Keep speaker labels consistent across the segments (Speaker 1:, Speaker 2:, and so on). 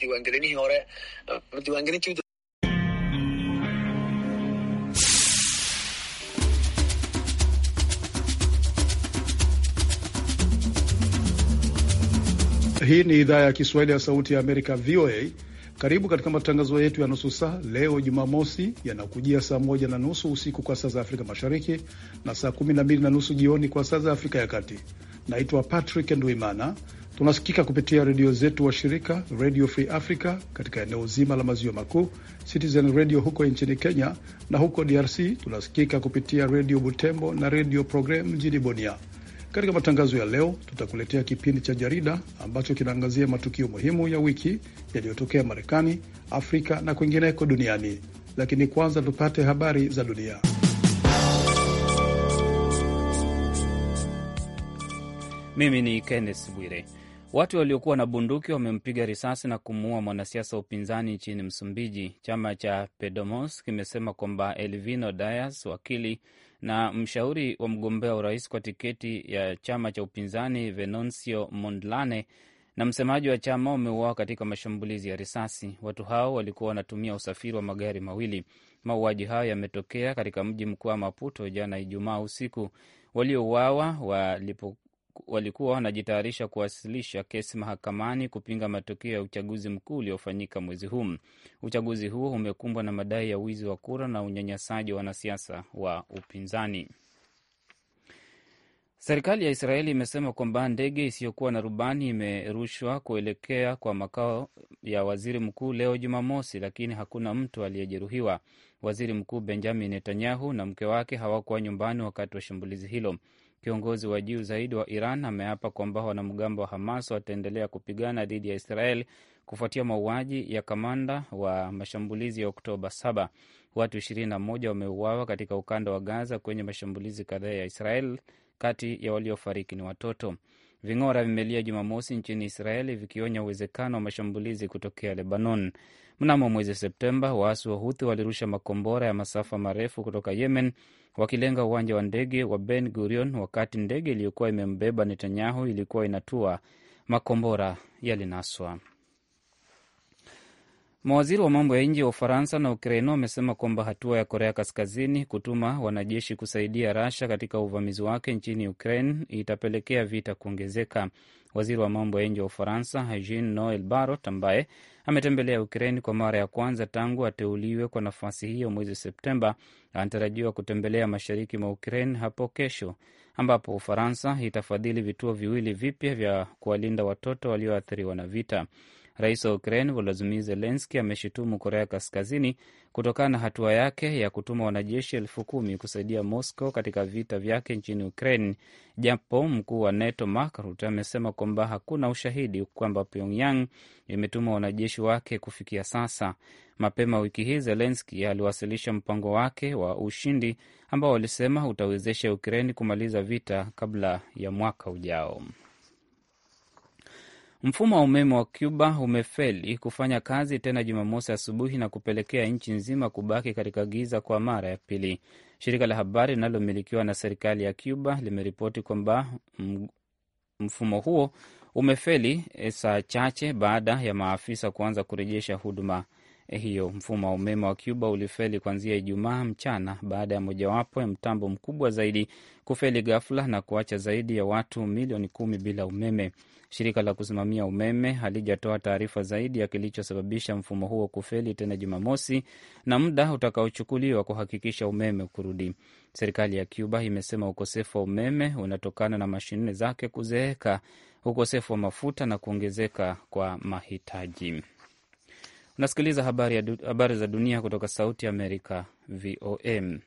Speaker 1: Diwaangelinihii hore diwaangelintii eh,
Speaker 2: Hii ni idhaa ya Kiswahili ya Sauti ya Amerika, VOA, karibu katika matangazo yetu ya nusu saa leo Jumamosi, yanakujia saa moja na nusu usiku kwa saa za Afrika Mashariki na saa kumi na mbili na nusu jioni kwa saa za Afrika ya Kati. Naitwa Patrick Nduimana. Tunasikika kupitia redio zetu wa shirika Radio Free Africa katika eneo zima la maziwa makuu, Citizen Radio huko nchini Kenya, na huko DRC tunasikika kupitia redio Butembo na redio Program mjini Bunia. Katika matangazo ya leo, tutakuletea kipindi cha jarida ambacho kinaangazia matukio muhimu ya wiki yaliyotokea Marekani, Afrika na kwingineko duniani. Lakini kwanza tupate habari za
Speaker 3: dunia. Mimi ni Kenneth Bwire. Watu waliokuwa na bunduki wamempiga risasi na kumuua mwanasiasa wa upinzani nchini Msumbiji. Chama cha pedomos kimesema kwamba Elvino Dias, wakili na mshauri wa mgombea urais kwa tiketi ya chama cha upinzani Venancio Mondlane, na msemaji wa chama wameuawa katika mashambulizi ya risasi. Watu hao walikuwa wanatumia usafiri wa magari mawili. Mauaji hayo yametokea katika mji mkuu wa Maputo jana Ijumaa usiku. Waliouawa walipo walikuwa wanajitayarisha kuwasilisha kesi mahakamani kupinga matokeo ya uchaguzi mkuu uliofanyika mwezi huu. Uchaguzi huo umekumbwa na madai ya wizi wa kura na unyanyasaji wa wanasiasa wa upinzani. Serikali ya Israeli imesema kwamba ndege isiyokuwa na rubani imerushwa kuelekea kwa makao ya waziri mkuu leo Jumamosi, lakini hakuna mtu aliyejeruhiwa. Waziri Mkuu Benjamin Netanyahu na mke wake hawakuwa nyumbani wakati wa shambulizi hilo. Kiongozi wa juu zaidi wa Iran ameapa kwamba wanamgambo wa Hamas wataendelea kupigana dhidi ya Israel kufuatia mauaji ya kamanda wa mashambulizi ya Oktoba 7. Watu 21 wameuawa katika ukanda wa Gaza kwenye mashambulizi kadhaa ya Israel. Kati ya waliofariki ni watoto. Ving'ora vimelia Jumamosi nchini Israeli vikionya uwezekano wa mashambulizi kutokea Lebanon. Mnamo mwezi Septemba, waasi wa Huthi walirusha makombora ya masafa marefu kutoka Yemen wakilenga uwanja wa ndege wa Ben Gurion wakati ndege iliyokuwa imembeba Netanyahu ilikuwa inatua, makombora yalinaswa. Mawaziri wa mambo ya nje wa Ufaransa na Ukraina wamesema kwamba hatua ya Korea Kaskazini kutuma wanajeshi kusaidia Rasha katika uvamizi wake nchini Ukraine itapelekea vita kuongezeka. Waziri wa mambo ya nje wa Ufaransa Jean Noel Barrot ambaye ametembelea Ukraine kwa mara ya kwanza tangu ateuliwe kwa nafasi hiyo mwezi Septemba. Anatarajiwa kutembelea mashariki mwa Ukraine hapo kesho, ambapo Ufaransa itafadhili vituo viwili vipya vya kuwalinda watoto walioathiriwa na vita. Rais wa Ukraine Volodymyr Zelenski ameshutumu Korea Kaskazini kutokana na hatua yake ya kutuma wanajeshi elfu kumi kusaidia Moscow katika vita vyake nchini Ukraine, japo mkuu wa NATO Mark Rutte amesema kwamba hakuna ushahidi kwamba Pyongyang imetuma wanajeshi wake kufikia sasa. Mapema wiki hii Zelenski aliwasilisha mpango wake wa ushindi ambao alisema utawezesha Ukraine kumaliza vita kabla ya mwaka ujao. Mfumo wa umeme wa Cuba umefeli kufanya kazi tena Jumamosi asubuhi na kupelekea nchi nzima kubaki katika giza kwa mara ya pili. Shirika la habari linalomilikiwa na serikali ya Cuba limeripoti kwamba mfumo huo umefeli eh, saa chache baada ya maafisa kuanza kurejesha huduma Eh, hiyo. Mfumo wa umeme wa Cuba ulifeli kuanzia Ijumaa mchana baada ya mojawapo ya mtambo mkubwa zaidi kufeli ghafla na kuacha zaidi ya watu milioni kumi bila umeme. Shirika la kusimamia umeme halijatoa taarifa zaidi ya kilichosababisha mfumo huo kufeli tena Jumamosi na muda utakaochukuliwa kuhakikisha umeme kurudi. Serikali ya Cuba imesema ukosefu wa umeme unatokana na mashine zake kuzeeka, ukosefu wa mafuta na kuongezeka kwa mahitaji nasikiliza habari, du, habari za dunia kutoka Sauti Amerika, VOA.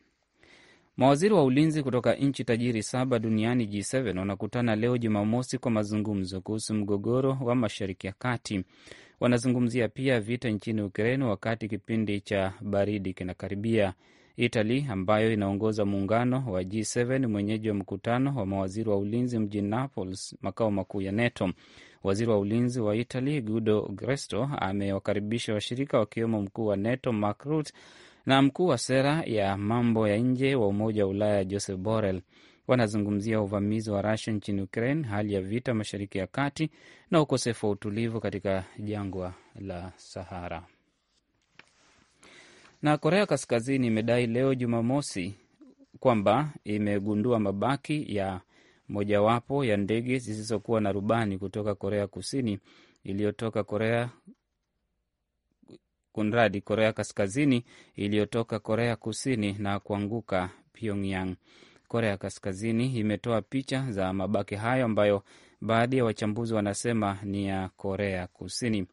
Speaker 3: Mawaziri wa ulinzi kutoka nchi tajiri saba duniani G7 wanakutana leo Jumamosi kwa mazungumzo kuhusu mgogoro wa Mashariki ya Kati. Wanazungumzia pia vita nchini Ukraine wakati kipindi cha baridi kinakaribia. Italy ambayo inaongoza muungano wa G7 mwenyeji wa mkutano wa mawaziri wa ulinzi mjini Naples, makao makuu ya NATO. Waziri wa ulinzi wa Italy Guido Gresto amewakaribisha washirika wakiwemo mkuu wa NATO Mark Rutte na mkuu wa sera ya mambo ya nje wa Umoja wa Ulaya Joseph Borrell. Wanazungumzia uvamizi wa Rusia nchini Ukraine, hali ya vita Mashariki ya Kati na ukosefu wa utulivu katika jangwa la Sahara. Na Korea Kaskazini imedai leo Jumamosi kwamba imegundua mabaki ya mojawapo ya ndege zisizokuwa na rubani kutoka Korea Kusini iliyotoka Korea kunradi Korea Kaskazini iliyotoka Korea Kusini na kuanguka Pyongyang. Korea Kaskazini imetoa picha za mabaki hayo ambayo baadhi ya wachambuzi wanasema ni ya Korea Kusini.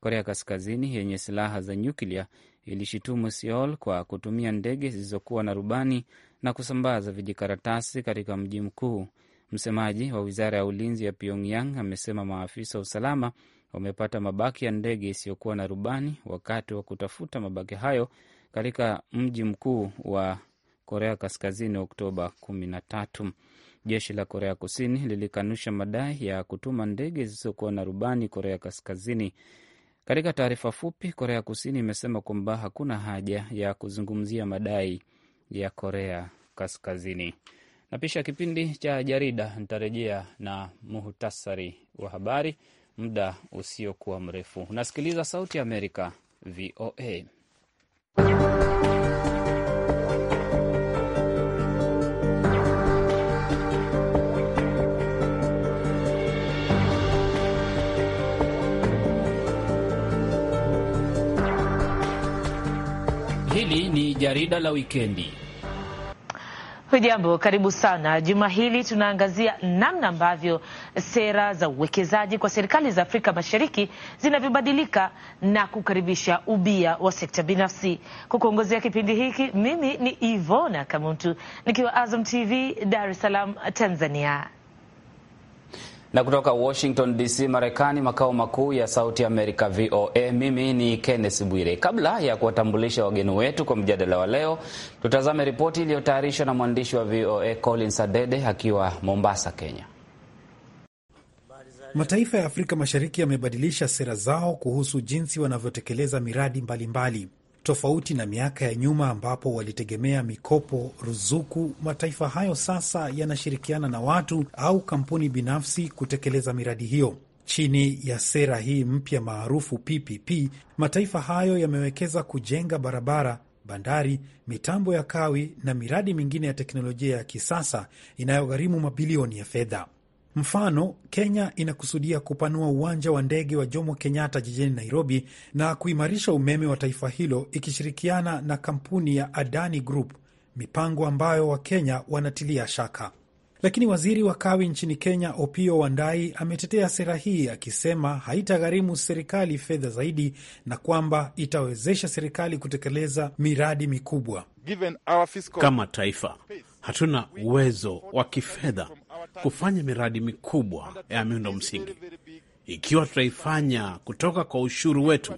Speaker 3: Korea Kaskazini yenye silaha za nyuklia ilishitumu Seoul kwa kutumia ndege zilizokuwa na rubani na kusambaza vijikaratasi katika mji mkuu. Msemaji wa wizara ya ulinzi ya Pyongyang amesema maafisa wa usalama wamepata mabaki ya ndege isiyokuwa na rubani wakati wa kutafuta mabaki hayo katika mji mkuu wa Korea Kaskazini Oktoba 13. Jeshi la Korea Kusini lilikanusha madai ya kutuma ndege zisizokuwa na rubani Korea Kaskazini. Katika taarifa fupi, Korea Kusini imesema kwamba hakuna haja ya kuzungumzia madai ya Korea Kaskazini. Napisha kipindi cha jarida, nitarejea na muhtasari wa habari muda usiokuwa mrefu. Unasikiliza Sauti ya Amerika, VOA. Hili ni jarida la wikendi.
Speaker 4: Hujambo, karibu sana. Juma hili tunaangazia namna ambavyo sera za uwekezaji kwa serikali za Afrika Mashariki zinavyobadilika na kukaribisha ubia wa sekta binafsi. Kukuongozea kipindi hiki mimi ni Ivona Kamuntu nikiwa Azam TV Dar es Salaam, Tanzania.
Speaker 3: Na kutoka Washington DC, Marekani, makao makuu ya Sauti Amerika, VOA, mimi ni Kenneth Bwire. Kabla ya kuwatambulisha wageni wetu kwa mjadala wa leo, tutazame ripoti iliyotayarishwa na mwandishi wa VOA Colin Adede akiwa Mombasa, Kenya.
Speaker 5: Mataifa ya Afrika Mashariki yamebadilisha sera zao kuhusu jinsi wanavyotekeleza miradi mbalimbali mbali tofauti na miaka ya nyuma ambapo walitegemea mikopo ruzuku, mataifa hayo sasa yanashirikiana na watu au kampuni binafsi kutekeleza miradi hiyo. Chini ya sera hii mpya maarufu PPP, mataifa hayo yamewekeza kujenga barabara, bandari, mitambo ya kawi na miradi mingine ya teknolojia ya kisasa inayogharimu mabilioni ya fedha. Mfano, Kenya inakusudia kupanua uwanja wa ndege wa Jomo Kenyatta jijini Nairobi na kuimarisha umeme wa taifa hilo ikishirikiana na kampuni ya Adani Group, mipango ambayo Wakenya wanatilia shaka. Lakini waziri wa kawi nchini Kenya, opio wandai ametetea sera hii akisema haitagharimu serikali fedha zaidi na kwamba itawezesha serikali kutekeleza miradi mikubwa. Kama taifa hatuna uwezo wa kifedha kufanya miradi mikubwa ya miundo msingi. Ikiwa tutaifanya kutoka kwa ushuru wetu,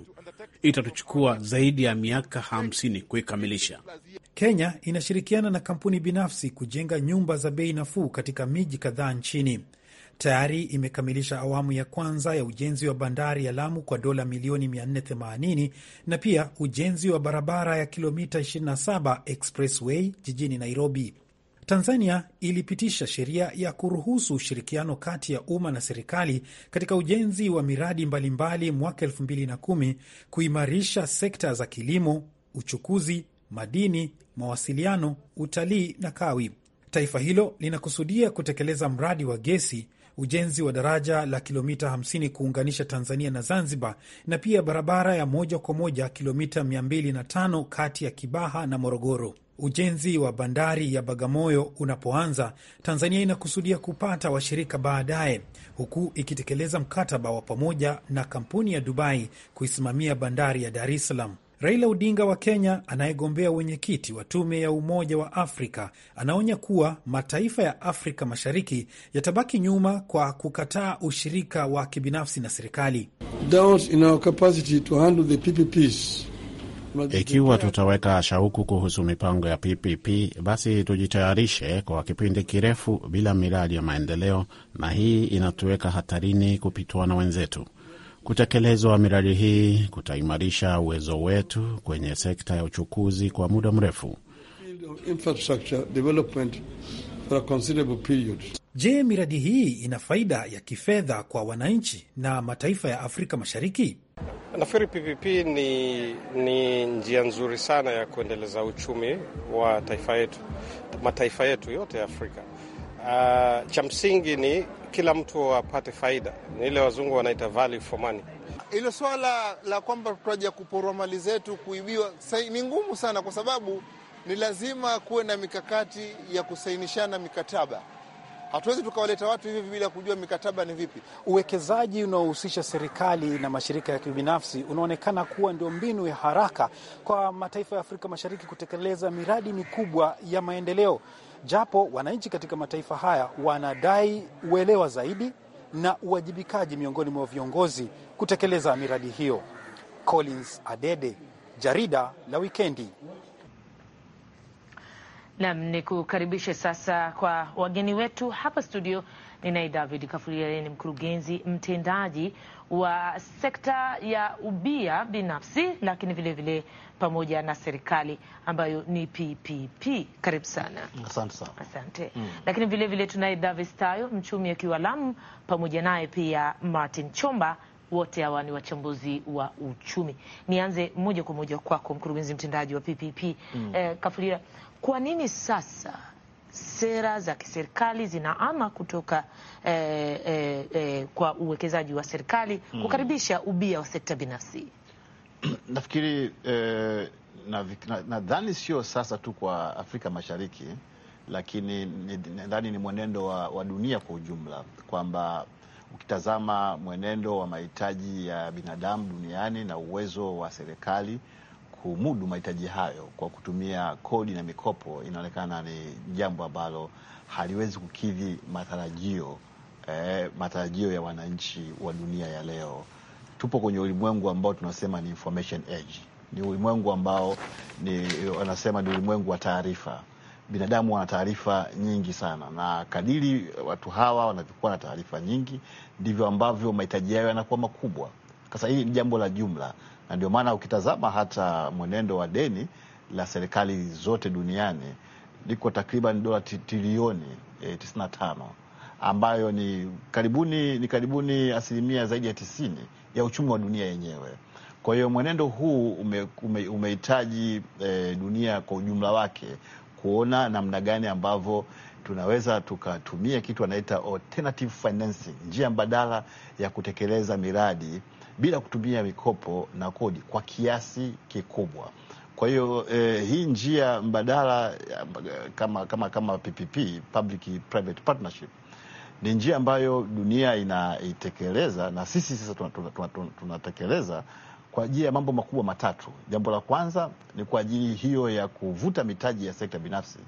Speaker 5: itatuchukua zaidi ya miaka 50 kuikamilisha. Kenya inashirikiana na kampuni binafsi kujenga nyumba za bei nafuu katika miji kadhaa nchini. Tayari imekamilisha awamu ya kwanza ya ujenzi wa bandari ya Lamu kwa dola milioni 480 na pia ujenzi wa barabara ya kilomita 27 expressway jijini Nairobi. Tanzania ilipitisha sheria ya kuruhusu ushirikiano kati ya umma na serikali katika ujenzi wa miradi mbalimbali mwaka kumi kuimarisha sekta za kilimo, uchukuzi, madini, mawasiliano, utalii na kawi. Taifa hilo linakusudia kutekeleza mradi wa gesi, ujenzi wa daraja la kilomita 50 kuunganisha Tanzania na Zanzibar, na pia barabara ya moja kwa moja kilomita 205 kati ya Kibaha na Morogoro ujenzi wa bandari ya Bagamoyo unapoanza, Tanzania inakusudia kupata washirika baadaye, huku ikitekeleza mkataba wa pamoja na kampuni ya Dubai kuisimamia bandari ya Dar es Salaam. Raila Odinga wa Kenya, anayegombea wenyekiti wa tume ya Umoja wa Afrika, anaonya kuwa mataifa ya Afrika Mashariki yatabaki nyuma kwa kukataa ushirika wa kibinafsi na serikali.
Speaker 2: Doubt in our capacity to handle
Speaker 6: the PPPs ikiwa tutaweka shauku kuhusu mipango ya PPP, basi tujitayarishe kwa kipindi kirefu bila miradi ya maendeleo, na hii inatuweka hatarini kupitwa na wenzetu. Kutekelezwa miradi hii kutaimarisha uwezo wetu kwenye sekta ya uchukuzi kwa muda mrefu
Speaker 2: for a considerable period. Je, miradi hii ina
Speaker 5: faida ya kifedha kwa wananchi na mataifa ya Afrika Mashariki?
Speaker 6: Nafikiri PPP ni, ni njia nzuri sana ya kuendeleza uchumi wa taifa yetu, mataifa yetu yote ya Afrika. Uh, cha msingi ni kila mtu apate faida, ni ile wazungu wanaita value for money.
Speaker 7: Hilo swala la kwamba tutaja kuporwa mali zetu, kuibiwa, ni ngumu sana kwa sababu ni lazima kuwe na mikakati ya kusainishana mikataba. Hatuwezi tukawaleta watu hivi bila kujua mikataba ni vipi.
Speaker 5: Uwekezaji unaohusisha serikali na mashirika ya kibinafsi unaonekana kuwa ndio mbinu ya haraka kwa mataifa ya Afrika Mashariki kutekeleza miradi mikubwa ya maendeleo, japo wananchi katika mataifa haya wanadai uelewa zaidi na uwajibikaji miongoni mwa viongozi kutekeleza miradi hiyo. Collins Adede, jarida la Wikendi.
Speaker 4: Nam ni kukaribishe sasa kwa wageni wetu hapa studio. Ninaye David Kafuria, yeye ni mkurugenzi mtendaji wa sekta ya ubia binafsi, lakini vilevile vile pamoja na serikali ambayo ni PPP. Karibu sana. Asante sana. Asante mm. Lakini vilevile tunaye Davis Tayo, mchumi akiwa Lamu, pamoja naye pia Martin Chomba wote hawa ni wachambuzi wa uchumi. Nianze moja kwa moja kwako, mkurugenzi mtendaji wa PPP mm. eh, Kafulira, kwa nini sasa sera za kiserikali zinaama kutoka eh, eh, eh, kwa uwekezaji wa serikali mm. kukaribisha ubia wa sekta binafsi?
Speaker 7: Nafikiri eh, nadhani na, sio sasa tu kwa Afrika Mashariki, lakini nadhani ni mwenendo wa, wa dunia kwa ujumla kwamba ukitazama mwenendo wa mahitaji ya binadamu duniani na uwezo wa serikali kumudu mahitaji hayo kwa kutumia kodi na mikopo, inaonekana ni jambo ambalo haliwezi kukidhi matarajio eh, matarajio ya wananchi wa dunia ya leo. Tupo kwenye ulimwengu ambao tunasema ni information age, ni ulimwengu ambao ni wanasema ni ulimwengu wa taarifa binadamu wana taarifa nyingi sana, na kadiri watu hawa wanavyokuwa na taarifa nyingi ndivyo ambavyo mahitaji yao yanakuwa makubwa. Sasa hili ni jambo la jumla, na ndio maana ukitazama hata mwenendo wa deni la serikali zote duniani liko takriban dola trilioni eh, 95 ambayo ni karibuni ni karibuni asilimia zaidi ya tisini ya uchumi wa dunia yenyewe. Kwa hiyo mwenendo huu umehitaji ume, ume eh, dunia kwa ujumla wake kuona namna gani ambavyo tunaweza tukatumia kitu anaita alternative financing, njia mbadala ya kutekeleza miradi bila kutumia mikopo na kodi kwa kiasi kikubwa. Kwa hiyo eh, hii njia mbadala kama kama kama PPP, public private partnership, ni njia ambayo dunia inaitekeleza na sisi sasa tunatekeleza tuna, tuna, tuna, tuna kwa ajili ya mambo makubwa matatu. Jambo la kwanza ni kwa ajili hiyo ya kuvuta mitaji ya sekta binafsi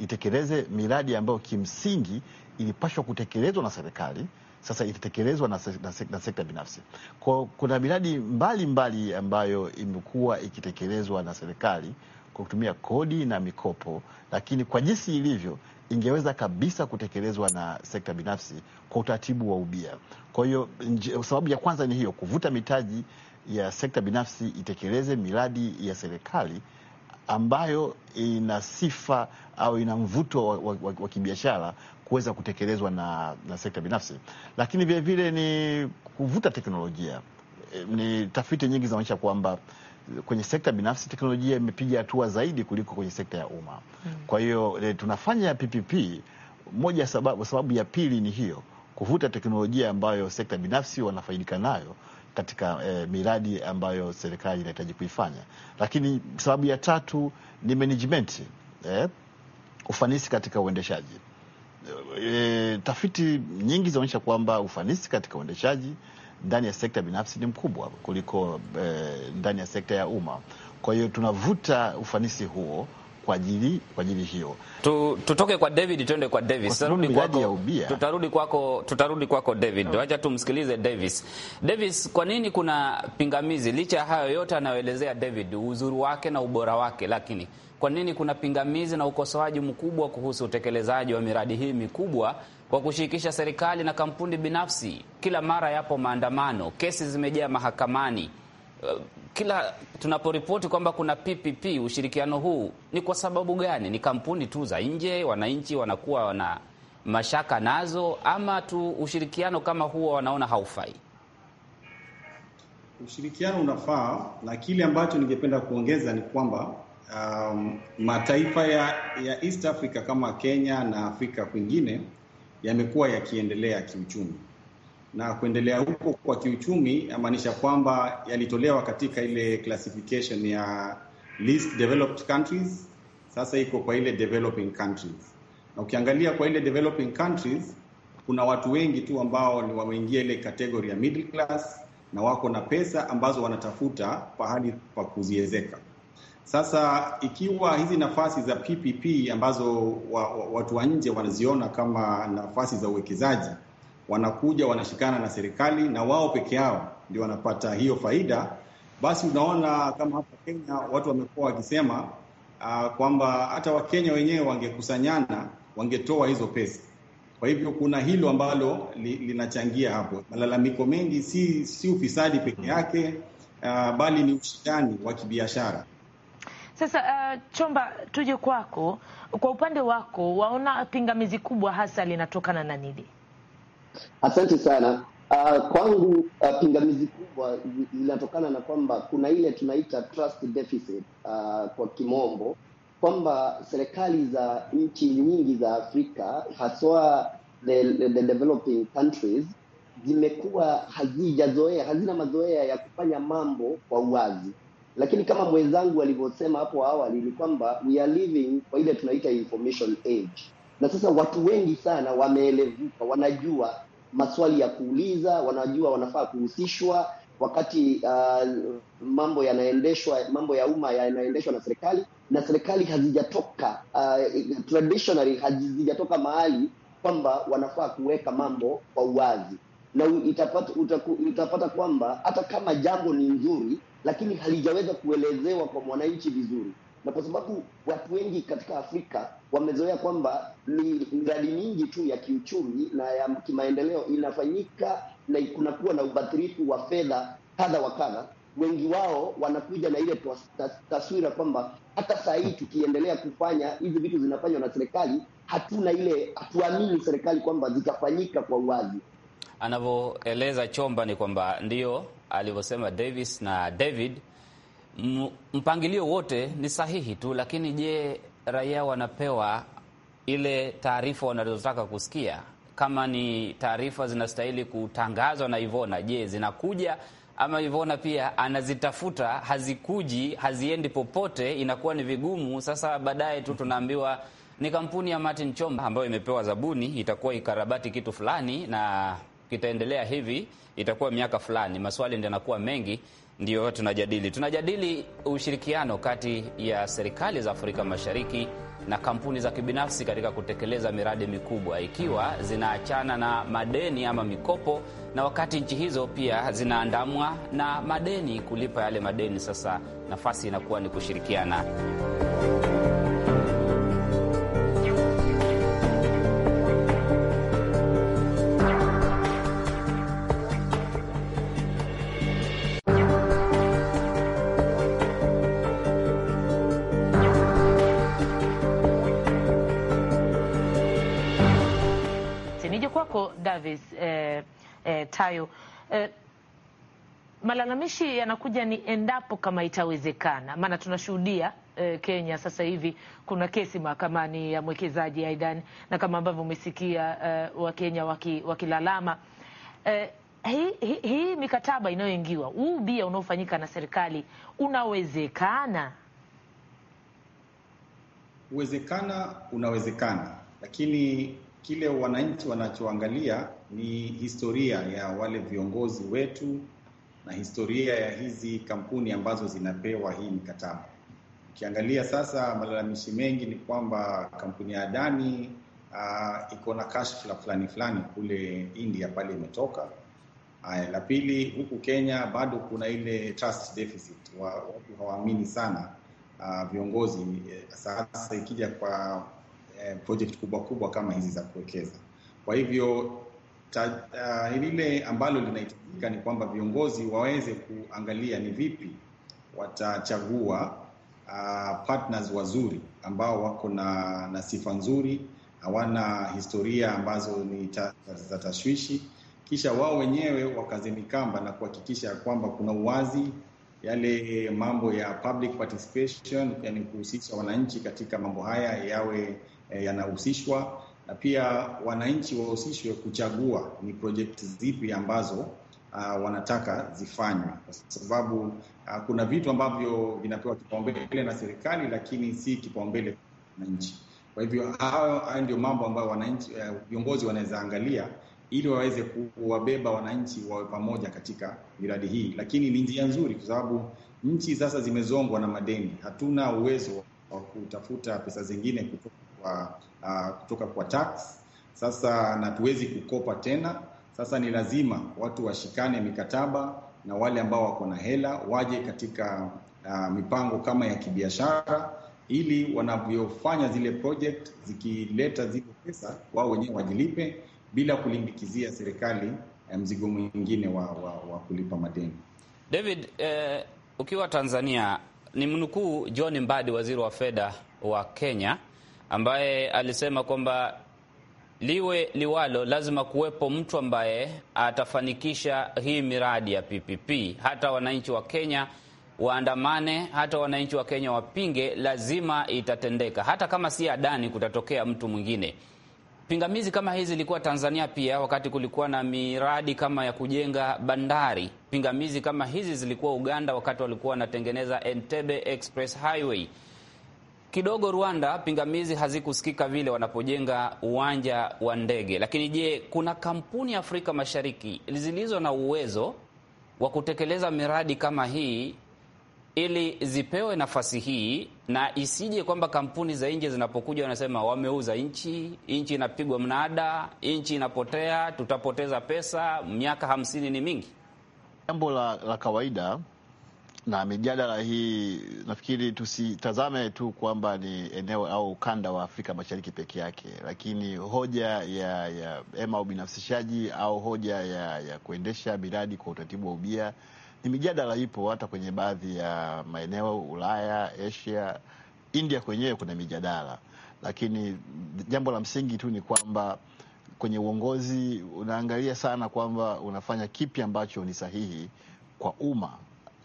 Speaker 7: itekeleze miradi ambayo kimsingi ilipashwa kutekelezwa na serikali, sasa itatekelezwa na, se, na, se, na sekta binafsi. Kwa kuna miradi mbalimbali mbali ambayo imekuwa ikitekelezwa na serikali kwa kutumia kodi na mikopo, lakini kwa jinsi ilivyo ingeweza kabisa kutekelezwa na sekta binafsi kwa utaratibu wa ubia. Kwa hiyo sababu ya kwanza ni hiyo, kuvuta mitaji ya sekta binafsi itekeleze miradi ya serikali ambayo ina sifa au ina mvuto wa, wa, wa, wa kibiashara kuweza kutekelezwa na, na sekta binafsi, lakini vilevile ni kuvuta teknolojia. E, ni tafiti nyingi zinaonyesha kwamba kwenye sekta binafsi teknolojia imepiga hatua zaidi kuliko kwenye sekta ya umma. Hmm. Kwa hiyo e, tunafanya PPP, moja sababu, sababu ya pili ni hiyo kuvuta teknolojia ambayo sekta binafsi wanafaidika nayo katika eh, miradi ambayo serikali inahitaji kuifanya. Lakini sababu ya tatu ni management eh, ufanisi katika uendeshaji. E, tafiti nyingi zinaonyesha kwamba ufanisi katika uendeshaji ndani ya sekta binafsi ni mkubwa kuliko e, ndani ya sekta ya umma. Kwa hiyo tunavuta ufanisi huo kwa ajili kwa ajili hiyo.
Speaker 3: Tu, tutoke kwa David twende kwa Davis. Tutarudi kwako, tutarudi kwako, tutarudi kwako David. Acha no. tumsikilize Davis. Davis, kwa nini kuna pingamizi licha ya hayo yote anayoelezea David, uzuri wake na ubora wake, lakini kwa nini kuna pingamizi na ukosoaji mkubwa kuhusu utekelezaji wa miradi hii mikubwa kwa kushirikisha serikali na kampuni binafsi? Kila mara yapo maandamano, kesi zimejaa mahakamani. Eh, kila tunaporipoti kwamba kuna PPP ushirikiano huu ni kwa sababu gani? Ni kampuni tu za nje, wananchi wanakuwa wana mashaka nazo, ama tu ushirikiano kama huo wanaona haufai?
Speaker 6: Ushirikiano unafaa, na kile ambacho ningependa kuongeza ni kwamba um, mataifa ya, ya East Africa kama Kenya na Afrika kwingine yamekuwa yakiendelea kiuchumi na kuendelea huko kwa kiuchumi yamaanisha kwamba yalitolewa katika ile classification ya least developed countries, sasa iko kwa ile developing countries. Na ukiangalia kwa ile developing countries kuna watu wengi tu ambao ni wameingia ile category ya middle class na wako na pesa ambazo wanatafuta pahali pa kuziezeka. Sasa ikiwa hizi nafasi za PPP ambazo wa, wa, watu wa nje wanaziona kama nafasi za uwekezaji wanakuja wanashikana na serikali na wao peke yao ndio wanapata hiyo faida. Basi unaona kama hapa Kenya watu wamekuwa wakisema uh, kwamba hata Wakenya wenyewe wangekusanyana wangetoa hizo pesa. Kwa hivyo kuna hilo ambalo li, linachangia hapo. Malalamiko mengi si, si ufisadi peke hmm. yake uh, bali ni ushindani wa kibiashara.
Speaker 4: Sasa uh, Chomba, tuje kwako. Kwa upande wako, waona pingamizi kubwa hasa linatokana na nini?
Speaker 1: Asante sana. Uh, kwangu uh, pingamizi kubwa linatokana na kwamba kuna ile tunaita trust deficit uh, kwa kimombo, kwamba serikali za nchi nyingi za Afrika haswa the, the developing countries zimekuwa hazijazoea, hazina mazoea ya kufanya mambo kwa uwazi, lakini kama mwenzangu alivyosema hapo awali ni kwamba we are living kwa ile tunaita information age na sasa watu wengi sana wameelevuka, wanajua maswali ya kuuliza, wanajua wanafaa kuhusishwa wakati uh, mambo yanaendeshwa, mambo ya umma yanaendeshwa na serikali, na serikali hazijatoka uh, traditionally hazijatoka mahali kwamba wanafaa kuweka mambo kwa uwazi, na itapata, utaku, utapata kwamba hata kama jambo ni nzuri, lakini halijaweza kuelezewa kwa mwananchi vizuri, na kwa sababu watu wengi katika Afrika wamezoea kwamba miradi mingi tu ya kiuchumi na ya kimaendeleo inafanyika na kunakuwa na ubadhirifu wa fedha kadha wa kadha. Wengi wao wanakuja na ile taswira kwamba hata saa hii tukiendelea kufanya hizi vitu zinafanywa na serikali, hatuna ile, hatuamini serikali kwamba zitafanyika kwa uwazi.
Speaker 3: Anavyoeleza Chomba ni kwamba ndio alivyosema Davis na David, mpangilio wote ni sahihi tu, lakini je raia wanapewa ile taarifa wanazotaka kusikia. Kama ni taarifa zinastahili kutangazwa na Ivona, je, zinakuja ama Ivona pia anazitafuta? Hazikuji, haziendi popote, inakuwa ni vigumu. Sasa baadaye tu tunaambiwa ni kampuni ya Martin Chomba ambayo imepewa zabuni, itakuwa ikarabati kitu fulani na kitaendelea hivi, itakuwa miaka fulani. Maswali ndio yanakuwa mengi ndio tunajadili. Tunajadili ushirikiano kati ya serikali za Afrika Mashariki na kampuni za kibinafsi katika kutekeleza miradi mikubwa, ikiwa zinaachana na madeni ama mikopo, na wakati nchi hizo pia zinaandamwa na madeni, kulipa yale madeni. Sasa nafasi inakuwa ni kushirikiana.
Speaker 4: Tayo eh, malalamishi yanakuja ni endapo kama itawezekana, maana tunashuhudia eh, Kenya sasa hivi kuna kesi mahakamani ya mwekezaji Aidan, na kama ambavyo umesikia eh, Wakenya wakilalama waki eh, hii hi, hi, mikataba inayoingiwa huu bia unaofanyika na serikali unawezekana
Speaker 6: uwezekana unawezekana, lakini kile wananchi wanachoangalia ni historia ya wale viongozi wetu na historia ya hizi kampuni ambazo zinapewa hii mikataba. Ukiangalia sasa, malalamishi mengi ni kwamba kampuni ya Adani uh, iko na kashfa fulani fulani kule India pale imetoka. Haya, la pili, huku Kenya bado kuna ile trust deficit, watu hawaamini sana uh, viongozi. Sasa eh, ikija kwa uh, project kubwa kubwa kama hizi za kuwekeza, kwa hivyo Uh, lile ambalo linahitajika ni kwamba viongozi waweze kuangalia ni vipi watachagua uh, partners wazuri ambao wako na, na sifa nzuri, hawana historia ambazo ni ta, za tashwishi, kisha wao wenyewe wakazimikamba na kuhakikisha kwamba kuna uwazi, yale mambo ya public participation, yani kuhusisha wananchi katika mambo haya yawe eh, yanahusishwa na pia wananchi wahusishwe kuchagua ni projekti zipi ambazo uh, wanataka zifanywe, kwa sababu uh, kuna vitu ambavyo vinapewa kipaumbele na serikali, lakini si kipaumbele wananchi. Kwa hivyo hayo ndio mambo ambayo wananchi uh, viongozi uh, wanaweza angalia ili waweze kuwabeba wananchi wawe pamoja katika miradi hii. Lakini ni njia nzuri, kwa sababu nchi sasa zimezongwa na madeni, hatuna uwezo wa kutafuta pesa zingine kutoka kwa uh, kutoka kwa tax. Sasa na tuwezi kukopa tena, sasa ni lazima watu washikane mikataba na wale ambao wako na hela waje katika uh, mipango kama ya kibiashara, ili wanavyofanya zile project zikileta zile pesa wao wenyewe wajilipe bila kulimbikizia serikali eh, mzigo mwingine wa, wa, wa kulipa madeni.
Speaker 3: David, eh, ukiwa Tanzania ni mnukuu John Mbadi, waziri wa fedha wa Kenya ambaye alisema kwamba liwe liwalo, lazima kuwepo mtu ambaye atafanikisha hii miradi ya PPP. Hata wananchi wa Kenya waandamane, hata wananchi wa Kenya wapinge, lazima itatendeka. Hata kama si Adani, kutatokea mtu mwingine. Pingamizi kama hizi ilikuwa Tanzania pia, wakati kulikuwa na miradi kama ya kujenga bandari. Pingamizi kama hizi zilikuwa Uganda, wakati walikuwa wanatengeneza Entebbe Express Highway kidogo Rwanda pingamizi hazikusikika vile wanapojenga uwanja wa ndege, lakini je, kuna kampuni Afrika Mashariki zilizo na uwezo wa kutekeleza miradi kama hii ili zipewe nafasi hii, na isije kwamba kampuni za nje zinapokuja wanasema wameuza nchi, nchi inapigwa mnada, nchi inapotea, tutapoteza pesa, miaka hamsini ni mingi. Jambo la, la
Speaker 7: kawaida
Speaker 3: na mijadala
Speaker 7: hii nafikiri tusitazame tu kwamba ni eneo au ukanda wa Afrika Mashariki peke yake, lakini hoja ya, ya ema ubinafsishaji au hoja ya, ya kuendesha miradi kwa utaratibu wa ubia ni mijadala ipo hata kwenye baadhi ya maeneo Ulaya, Asia, India kwenyewe kuna mijadala, lakini jambo la msingi tu ni kwamba kwenye uongozi unaangalia sana kwamba unafanya kipi ambacho ni sahihi kwa umma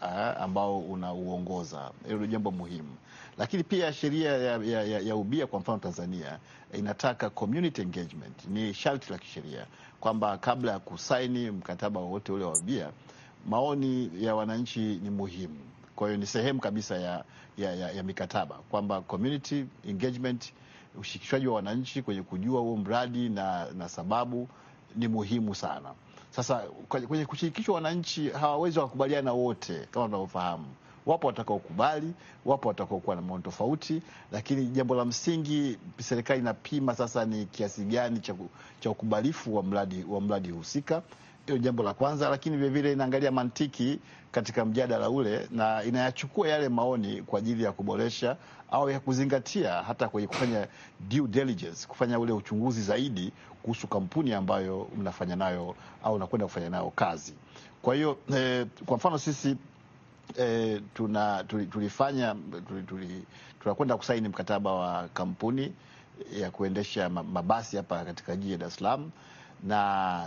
Speaker 7: Eh, ambao unauongoza. Hilo ni jambo muhimu, lakini pia sheria ya, ya, ya, ya ubia kwa mfano Tanzania eh, inataka community engagement, ni sharti la kisheria kwamba kabla ya kusaini mkataba wowote ule wa ubia, maoni ya wananchi ni muhimu. Kwa hiyo ni sehemu kabisa ya, ya, ya, ya mikataba kwamba community engagement, ushirikishwaji wa wananchi kwenye kujua huo mradi na, na sababu ni muhimu sana. Sasa kwenye kushirikishwa wananchi hawawezi wakakubaliana wote, kama tunavyofahamu. Wapo watakaokubali, wapo watakaokuwa na maoni tofauti, lakini jambo la msingi serikali inapima sasa ni kiasi gani cha ukubalifu wa mradi wa mradi husika hiyo jambo la kwanza, lakini vilevile inaangalia mantiki katika mjadala ule na inayachukua yale maoni kwa ajili ya kuboresha au ya kuzingatia hata kwenye kufanya due diligence, kufanya ule uchunguzi zaidi kuhusu kampuni ambayo mnafanya nayo au nakwenda kufanya nayo kazi. Kwa hiyo eh, kwa mfano sisi eh, tuna tulifanya tunakwenda kusaini mkataba wa kampuni ya kuendesha mabasi hapa katika jiji la Dar es Salaam na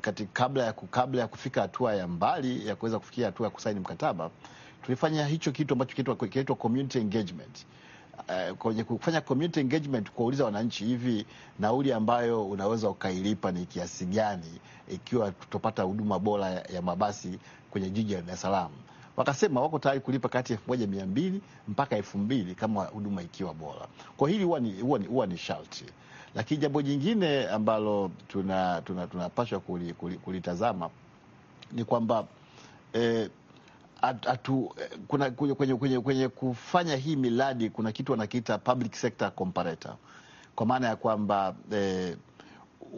Speaker 7: katika kabla ya, kabla ya kufika hatua ya mbali ya kuweza kufikia hatua ya kusaini mkataba, tulifanya hicho kitu ambacho kinaitwa community engagement. Eh, kwenye kufanya community engagement, kuwauliza wananchi, hivi nauli ambayo unaweza ukailipa ni kiasi gani ikiwa tutopata huduma bora ya mabasi kwenye jiji la Dar es Salaam? Wakasema wako tayari kulipa kati ya elfu moja mia mbili mpaka elfu mbili kama huduma ikiwa bora. Kwa hili huwa ni, huwa ni, huwa ni sharti lakini jambo jingine ambalo tunapashwa tuna, tuna kulitazama ni kwamba eh, atu, eh, kuna, kwenye, kwenye, kwenye kufanya hii miradi kuna kitu wanakiita public sector comparator, kwa maana ya kwamba eh,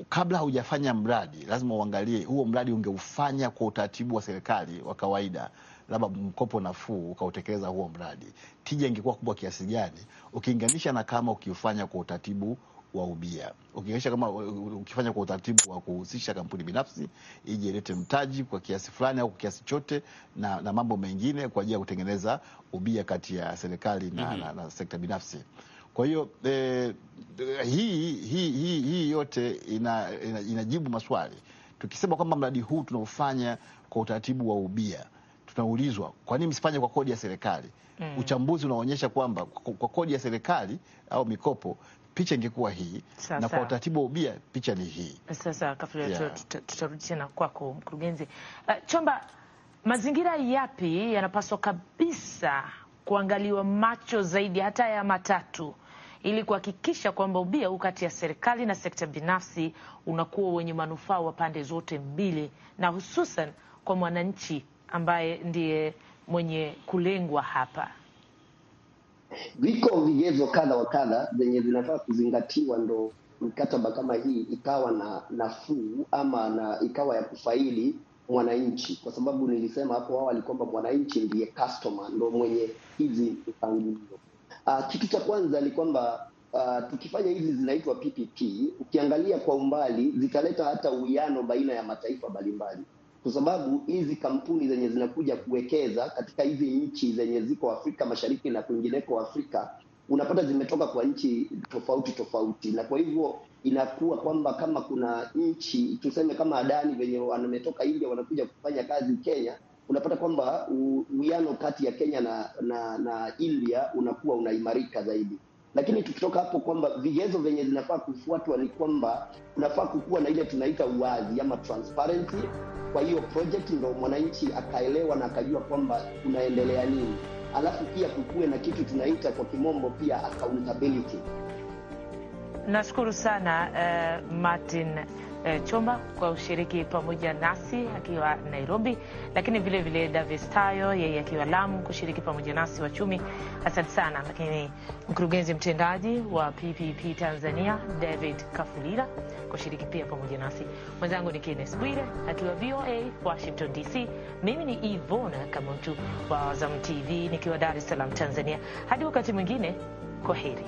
Speaker 7: kabla haujafanya mradi lazima uangalie huo mradi ungeufanya kwa utaratibu wa serikali wa kawaida, labda mkopo nafuu, ukautekeleza huo mradi, tija ingekuwa kubwa kiasi gani ukilinganisha na kama ukiufanya kwa utaratibu wa ubia. Ukionyesha kama ukifanya kwa utaratibu wa kuhusisha kampuni binafsi ije ilete mtaji kwa kiasi fulani au kwa kiasi chote na, na mambo mengine kwa ajili ya kutengeneza ubia kati ya serikali na, mm -hmm. na, na, na sekta binafsi. Kwa hiyo eh, hii, hii, hii, hii yote ina, ina, inajibu maswali. Tukisema kwamba mradi huu tunaofanya kwa utaratibu wa ubia tunaulizwa kwa nini msifanye kwa kodi ya serikali? Mm. Uchambuzi unaonyesha kwamba kwa kodi ya serikali au mikopo picha ingekuwa hii sasa, na kwa utaratibu wa ubia picha ni hii.
Speaker 4: Sasa kafiri yeah, tutarudi tena kwako mkurugenzi. Uh, Chomba, mazingira yapi yanapaswa kabisa kuangaliwa macho zaidi hata ya matatu ili kuhakikisha kwamba ubia huu kati ya serikali na sekta binafsi unakuwa wenye manufaa wa pande zote mbili, na hususan kwa mwananchi ambaye ndiye mwenye kulengwa hapa?
Speaker 1: Viko vigezo kadha wa kadha zenye zinafaa kuzingatiwa ndo mkataba kama hii ikawa na nafuu ama na ikawa ya kufaili mwananchi, kwa sababu nilisema hapo awali kwamba mwananchi ndiye customer, ndo mwenye hizi mipangilio. Uh, ah, kitu cha kwanza ni kwamba uh, tukifanya hizi zinaitwa PPP, ukiangalia kwa umbali zitaleta hata uwiano baina ya mataifa mbalimbali kwa sababu hizi kampuni zenye zinakuja kuwekeza katika hizi nchi zenye ziko Afrika Mashariki na kwingineko Afrika, unapata zimetoka kwa nchi tofauti tofauti, na kwa hivyo inakuwa kwamba kama kuna nchi tuseme kama Adani venye wametoka India wanakuja kufanya kazi Kenya, unapata kwamba uwiano kati ya Kenya na, na, na India unakuwa unaimarika zaidi. Lakini tukitoka hapo kwamba vigezo vyenye vinafaa kufuatwa ni kwamba unafaa kukuwa na ile tunaita uwazi ama transparency. Kwa hiyo project ndo mwananchi akaelewa na akajua kwamba kunaendelea nini, alafu pia kukuwe na kitu tunaita kwa kimombo pia accountability.
Speaker 4: Nashukuru sana uh, Martin eh, Chomba kwa ushiriki pamoja nasi akiwa Nairobi, lakini vilevile Davis Tayo yeye akiwa Lamu kushiriki pamoja nasi wachumi. Asante sana. Lakini mkurugenzi mtendaji wa PPP Tanzania David Kafulila kushiriki pia pamoja nasi. Mwenzangu ni Kenneth Bwire akiwa VOA Washington DC. Mimi ni Ivona kama mtu wa Azam TV nikiwa Dar es Salaam Tanzania. Hadi wakati mwingine, kwa heri.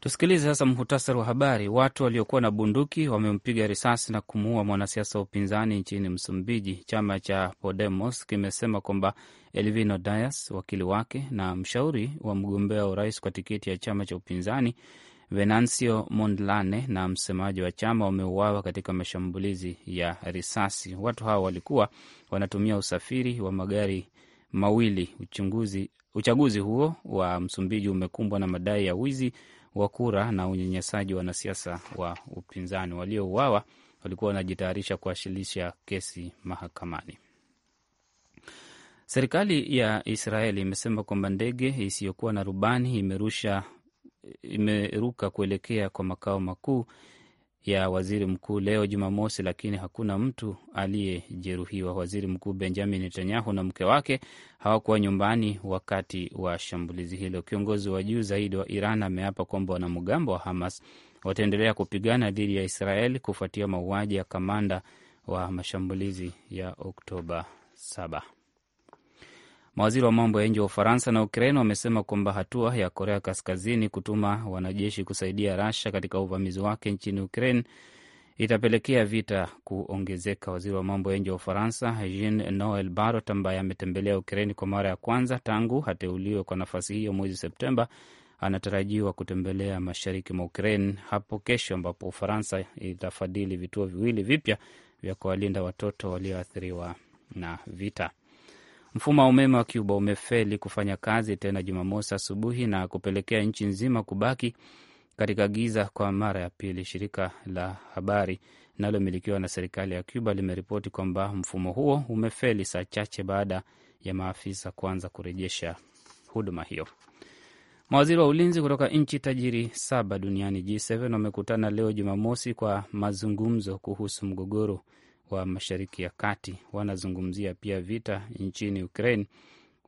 Speaker 3: Tusikilize sasa muhtasari wa habari. Watu waliokuwa na bunduki wamempiga risasi na kumuua mwanasiasa wa upinzani nchini Msumbiji. Chama cha Podemos kimesema kwamba Elvino Dias, wakili wake na mshauri wa mgombea wa urais kwa tiketi ya chama cha upinzani Venancio Mondlane na msemaji wa chama wameuawa katika mashambulizi ya risasi. Watu hao walikuwa wanatumia usafiri wa magari mawili. Uchunguzi, uchaguzi huo wa Msumbiji umekumbwa na madai ya wizi wa kura na unyanyasaji wa wanasiasa wa upinzani waliouawa walikuwa wanajitayarisha kuwasilisha kesi mahakamani. Serikali ya Israeli imesema kwamba ndege isiyokuwa na rubani imerusha imeruka kuelekea kwa makao makuu ya waziri mkuu leo Jumamosi, lakini hakuna mtu aliyejeruhiwa. Waziri Mkuu Benjamin Netanyahu na mke wake hawakuwa nyumbani wakati wa shambulizi hilo. Kiongozi wa juu zaidi wa Iran ameapa kwamba wanamgambo wa Hamas wataendelea kupigana dhidi ya Israel kufuatia mauaji ya kamanda wa mashambulizi ya Oktoba 7. Mawaziri wa mambo ya nje wa Ufaransa na Ukraine wamesema kwamba hatua ya Korea Kaskazini kutuma wanajeshi kusaidia Rasha katika uvamizi wake nchini Ukraine itapelekea vita kuongezeka. Waziri wa mambo ya nje wa Ufaransa Jean Noel Barrot, ambaye ametembelea Ukraine kwa mara ya kwanza tangu ateuliwe kwa nafasi hiyo mwezi Septemba, anatarajiwa kutembelea mashariki mwa Ukraine hapo kesho, ambapo Ufaransa itafadhili vituo viwili vipya vya kuwalinda watoto walioathiriwa na vita. Mfumo wa umeme wa Cuba umefeli kufanya kazi tena Jumamosi asubuhi na kupelekea nchi nzima kubaki katika giza kwa mara ya pili. Shirika la habari linalomilikiwa na serikali ya Cuba limeripoti kwamba mfumo huo umefeli saa chache baada ya maafisa kuanza kurejesha huduma hiyo. Mawaziri wa ulinzi kutoka nchi tajiri saba duniani G7 wamekutana leo Jumamosi kwa mazungumzo kuhusu mgogoro wa Mashariki ya Kati. Wanazungumzia pia vita nchini Ukraine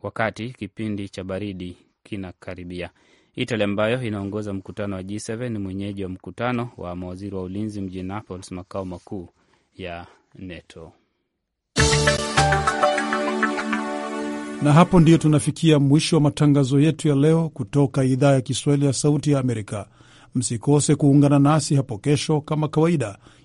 Speaker 3: wakati kipindi cha baridi kinakaribia. Italy ambayo inaongoza mkutano wa G7 ni mwenyeji wa mkutano wa mawaziri wa ulinzi mjini Naples, makao makuu ya NATO.
Speaker 2: Na hapo ndiyo tunafikia mwisho wa matangazo yetu ya leo kutoka idhaa ya Kiswahili ya Sauti ya Amerika. Msikose kuungana nasi hapo kesho kama kawaida